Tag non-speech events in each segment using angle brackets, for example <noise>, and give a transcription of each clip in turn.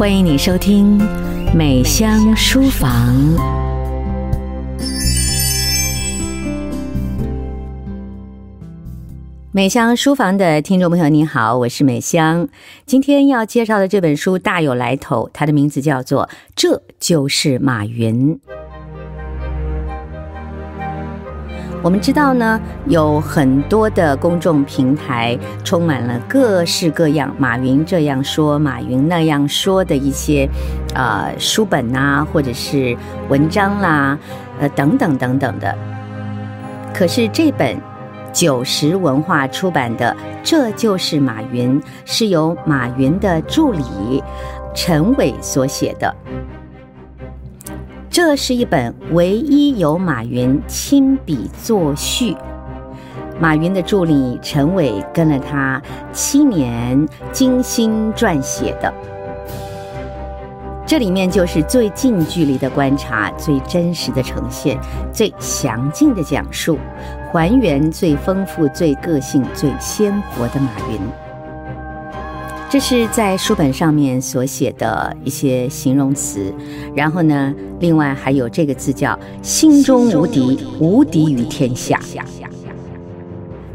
歡迎你收聽《美香書房》。美香書房的聽眾朋友，您好，我是美香。今天要介紹的這本書大有來頭，它的名字叫做《這就是馬雲》。我們知道呢，有很多的公眾平台充滿了各式各樣馬雲這樣說、馬雲那樣說的一些，呃，書本吶、啊，或者是文章啦，呃，等等等等的。可是這本九石文化出版的《這就是馬雲》，是由馬雲的助理陳偉所寫的。這是一本唯一由馬雲親筆作序，馬雲的助理陳偉跟了他七年，精心撰寫的。這裡面就是最近距離的觀察，最真實的呈現，最詳盡的講述，還原最豐富、最個性、最鮮活的馬雲。這是在書本上面所寫的一些形容詞，然後呢，另外還有這個字叫“心中無敵，無敵於天下”。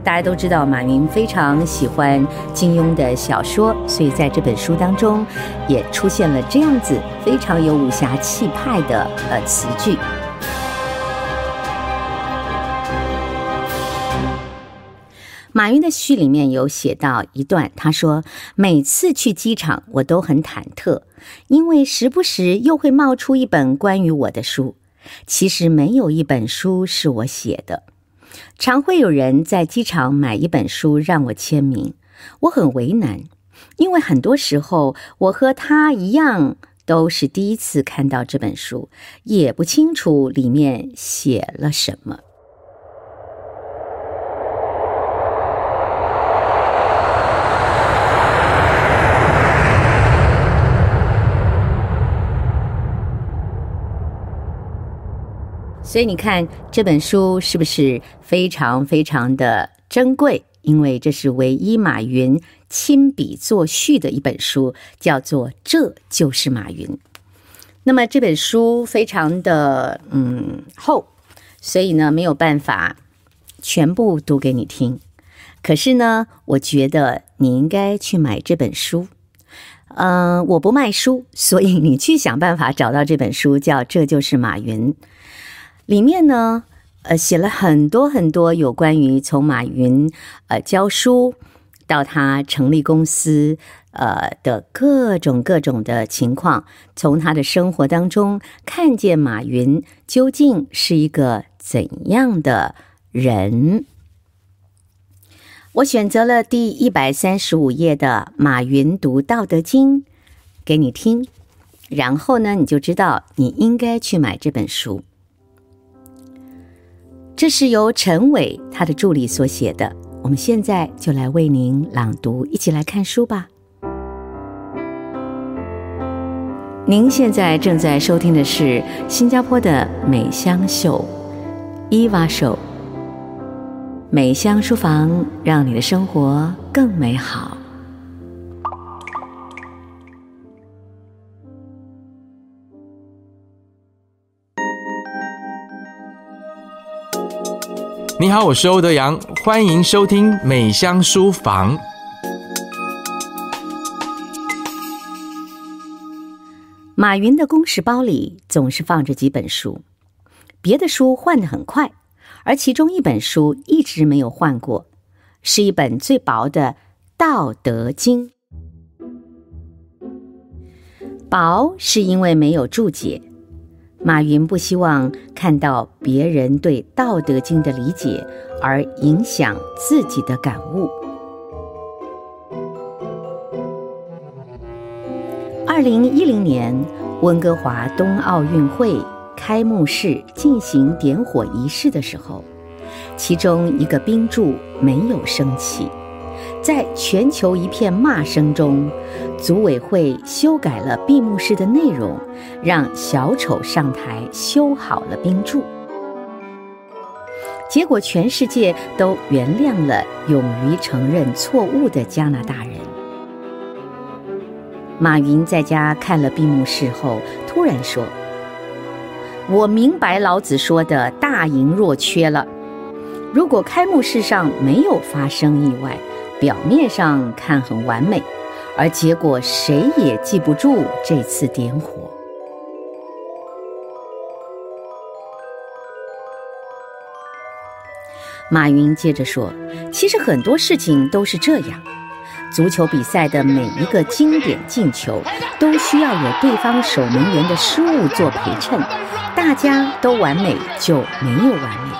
大家都知道，馬雲非常喜歡金庸的小說，所以在這本書當中，也出現了這樣子非常有武俠氣派的呃詞句。馬雲的序裡面有寫到一段，他說：“每次去機場，我都很忐忑，因為時不時又會冒出一本關於我的書。其實沒有一本書是我寫的，常會有人在機場買一本書讓我簽名，我很為難，因為很多時候我和他一樣都是第一次看到這本書，也不清楚裡面寫了什麼。”所以你看這本書是不是非常非常的珍貴？因為這是唯一馬雲親筆作序的一本書，叫做《這就是馬雲》。那麼這本書非常的嗯厚，所以呢沒有辦法全部讀給你聽。可是呢，我覺得你應該去買這本書。嗯、呃，我不賣書，所以你去想辦法找到這本書，叫《這就是馬雲》。裡面呢，呃，寫了很多很多有關於從馬雲，呃，教書到他成立公司，呃的各種各種的情況，從他的生活當中看見馬雲究竟是一個怎樣的人。我選擇了第一百三十五頁的馬雲讀《道德經》給你聽，然後呢，你就知道你應該去買這本書。這是由陳偉他的助理所寫的，我們現在就來為您朗讀，一起來看書吧。您現在正在收聽的是新加坡的美香秀，伊娃秀，美香書房，讓你的生活更美好。好，我是歐德陽，歡迎收聽美香書房。馬雲的公事包裡總是放着幾本書，別的書換得很快，而其中一本書一直沒有換過，是一本最薄的《道德經》。薄是因為沒有注解。馬雲不希望看到別人對《道德經》的理解而影響自己的感悟。二零一零年溫哥華冬奧運會開幕式進行點火儀式的時候，其中一個冰柱沒有升起。在全球一片罵聲中，組委會修改了閉幕式的內容，讓小丑上台修好了冰柱。結果，全世界都原諒了勇於承認錯誤的加拿大人。馬雲在家看了閉幕式後，突然說：“我明白老子說的大盈若缺了。如果開幕式上沒有發生意外。”表面上看很完美，而結果誰也記不住這次點火。馬雲接着說：“其實很多事情都是這樣，足球比賽的每一個經典進球，都需要有對方守門員的失誤做陪襯。大家都完美，就沒有完美。”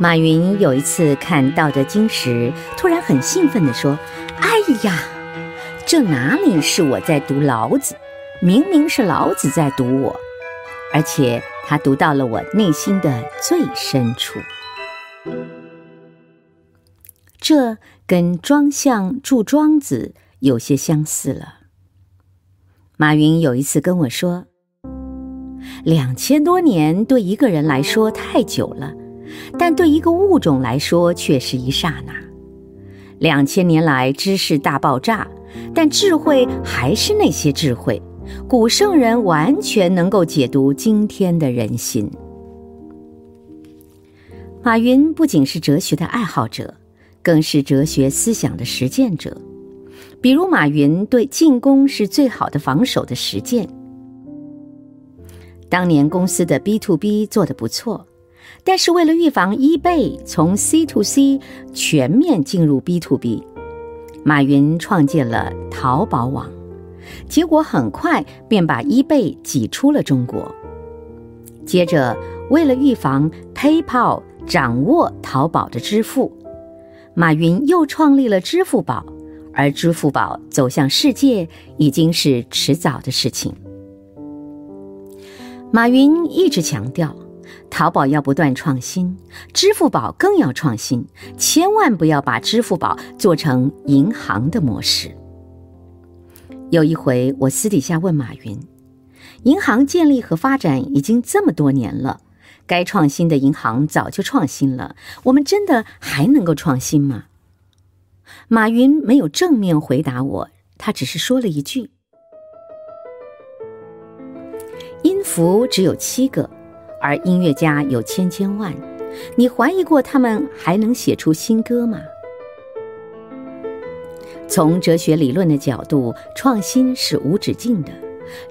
馬雲有一次看《道德經》時，突然很興奮地說：“哎呀，這哪裡是我在讀老子，明明是老子在讀我，而且他讀到了我內心的最深處。”這跟莊相注莊子有些相似了。馬雲有一次跟我說：“兩千多年對一個人來說太久了。”但對一個物種來說，卻是一剎那。兩千年來，知識大爆炸，但智慧還是那些智慧。古聖人完全能夠解讀今天的人心。馬雲不僅是哲學的愛好者，更是哲學思想的實踐者。比如，馬雲對“進攻是最好的防守”的實踐。當年公司的 B to B 做得不錯。但是，為了預防 eBay 從 C to C 全面進入 B to B，馬雲創建了淘寶網，結果很快便把 eBay 擠出了中國。接着，為了預防 PayPal 掌握淘寶的支付，馬雲又創立了支付寶，而支付寶走向世界已經是遲早的事情。馬雲一直強調，淘寶要不斷創新，支付寶更要創新，千萬不要把支付寶做成銀行的模式。有一回我私底下問馬雲：“銀行建立和發展已經這麼多年了，該創新的銀行早就創新了，我們真的還能夠創新嗎？”馬雲沒有正面回答我，他只是說了一句：“音符只有七個。”而音樂家有千千萬，你懷疑過他們還能寫出新歌嗎？從哲學理論的角度，創新是無止境的，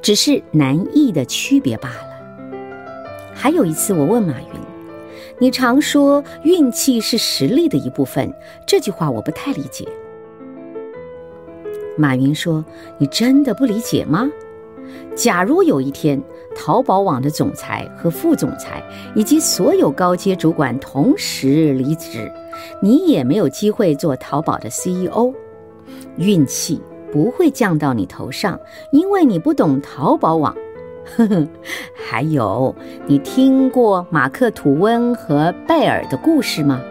只是難易的區別罷了。還有一次，我問馬雲：“你常說運氣是實力的一部分，這句話我不太理解。”馬雲說：“你真的不理解嗎？”假如有一天，淘寶網的總裁和副總裁以及所有高階主管同時離職，你也沒有機會做淘寶的 CEO。運氣不會降到你頭上，因為你不懂淘寶網。 <laughs> 還有，你聽過馬克·吐溫和拜耳的故事嗎？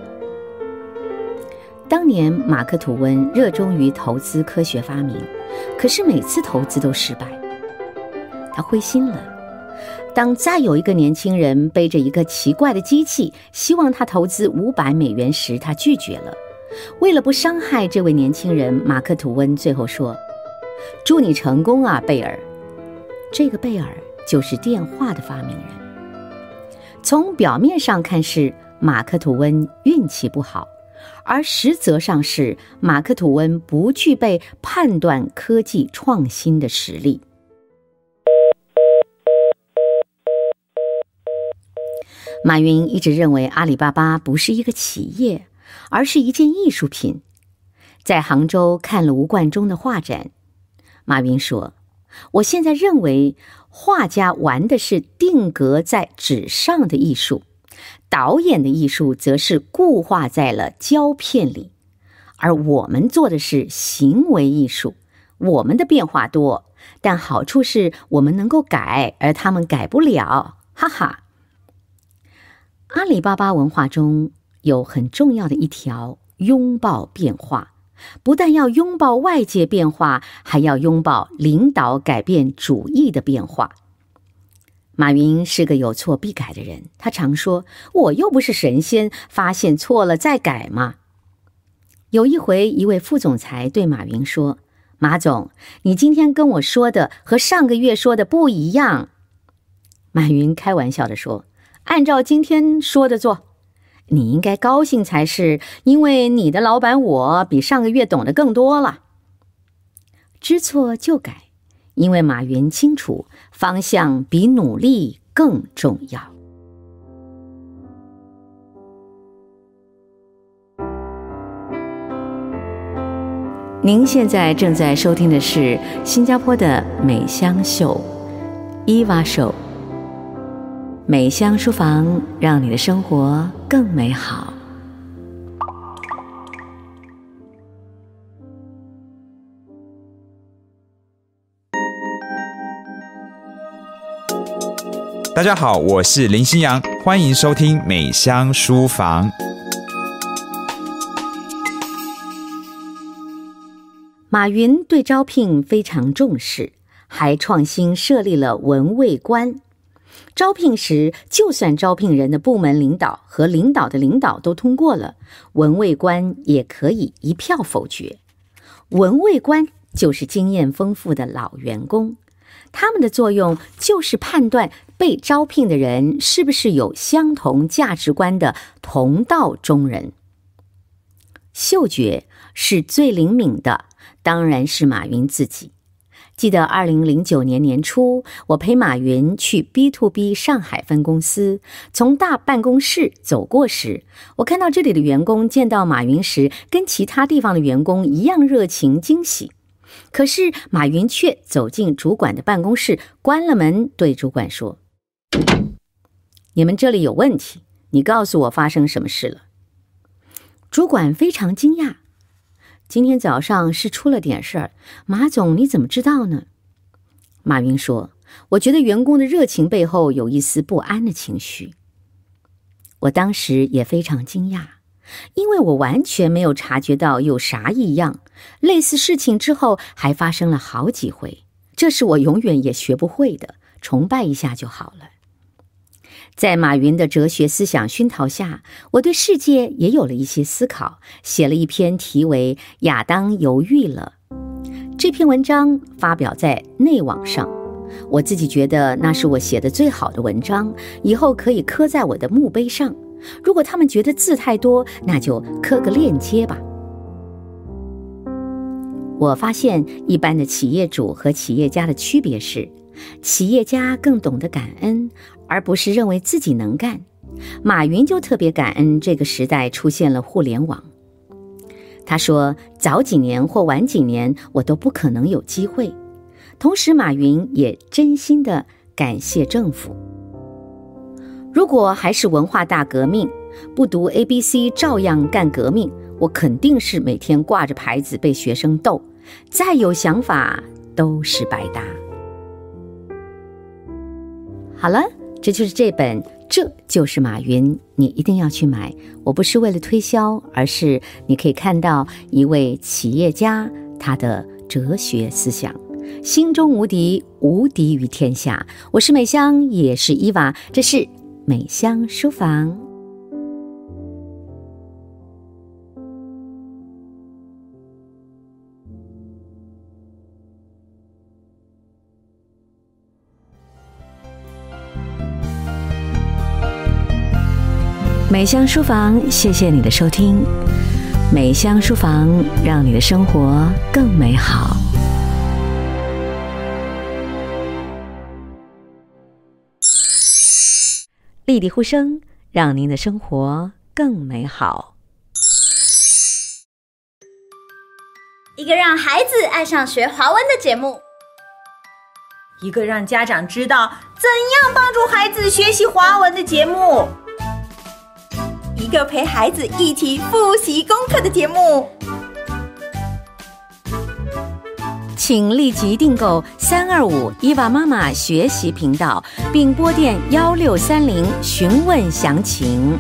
當年，馬克·吐溫熱衷於投資科學發明，可是每次投資都失敗。他灰心了。當再有一個年輕人背着一個奇怪的機器，希望他投資五百美元時，他拒絕了。為了不傷害這位年輕人，馬克·吐溫最後說：“祝你成功啊，貝爾。”這個貝爾就是電話的發明人。從表面上看是馬克·吐溫運氣不好，而實則上是馬克·吐溫不具備判斷科技創新的實力。馬雲一直認為阿里巴巴不是一個企業，而是一件藝術品。在杭州看了吳冠中的畫展，馬雲說：“我現在認為，畫家玩的是定格在紙上的藝術，導演的藝術則是固化在了膠片裡，而我們做的是行為藝術。我們的變化多，但好處是我們能夠改，而他們改不了。”哈哈。阿里巴巴文化中有很重要的一條：擁抱變化。不但要擁抱外界變化，還要擁抱領導改變主意的變化。馬雲是個有錯必改的人，他常說：“我又不是神仙，發現錯了再改嘛。”有一回，一位副總裁對馬雲說：“馬總，你今天跟我說的和上個月說的不一樣。”馬雲開玩笑地說，按照今天說的做，你應該高興才是，因為你的老板我比上個月懂得更多了。知錯就改，因為馬雲清楚，方向比努力更重要。您現在正在收聽的是新加坡的《美香秀》伊娃，伊娃秀。美香書房，讓你的生活更美好。大家好，我是林新陽，歡迎收聽美香書房。馬雲對招聘非常重視，還創新設立了聞味官。招聘時，就算招聘人的部門領導和領導的領導都通過了，聞味官也可以一票否決。聞味官就是經驗豐富的老員工，他們的作用就是判斷被招聘的人是不是有相同價值觀的同道中人。嗅覺是最靈敏的，當然是馬雲自己。記得二零零九年年初，我陪馬雲去 B to B 上海分公司，從大辦公室走過時，我看到這裡的員工見到馬雲時，跟其他地方的員工一樣熱情驚喜。可是馬雲卻走進主管的辦公室，關了門，對主管說：“你們這裡有問題，你告訴我發生什麼事了。”主管非常驚訝。今天早上是出了點事兒，馬總你怎麼知道呢？馬雲說：“我覺得員工的熱情背後有一絲不安的情緒。我當時也非常驚訝，因為我完全沒有察覺到有啥異樣。類似事情之後還發生了好幾回，這是我永遠也學不會的。崇拜一下就好了。”在馬雲的哲學思想熏陶下，我對世界也有了一些思考，寫了一篇題為《亞當猶豫了》，這篇文章發表在內網上。我自己覺得那是我寫的最好的文章，以後可以刻在我的墓碑上。如果他們覺得字太多，那就刻個鏈接吧。我發現，一般的企業主和企業家的區別是。企業家更懂得感恩，而不是認為自己能幹。馬雲就特別感恩這個時代出現了互聯網。他說：“早幾年或晚幾年，我都不可能有機會。”同時，馬雲也真心的感謝政府。如果還是文化大革命，不讀 ABC，照樣幹革命，我肯定是每天掛着牌子被學生鬥，再有想法都是白搭。好了，這就是這本《這就是馬雲》，你一定要去買。我不是為了推銷，而是你可以看到一位企業家，他的哲學思想。心中無敵，無敵於天下。我是美香，也是伊娃，這是美香書房。美香書房，謝謝你的收聽。美香書房，讓你的生活更美好。麗麗呼聲，讓您的生活更美好。一個讓孩子愛上學華文的節目，一個讓家長知道怎樣幫助孩子學習華文的節目。有陪孩子一起複習功課的節目，請立即訂購三二五伊娃媽媽學習頻道，並撥電幺六三零詢問詳情。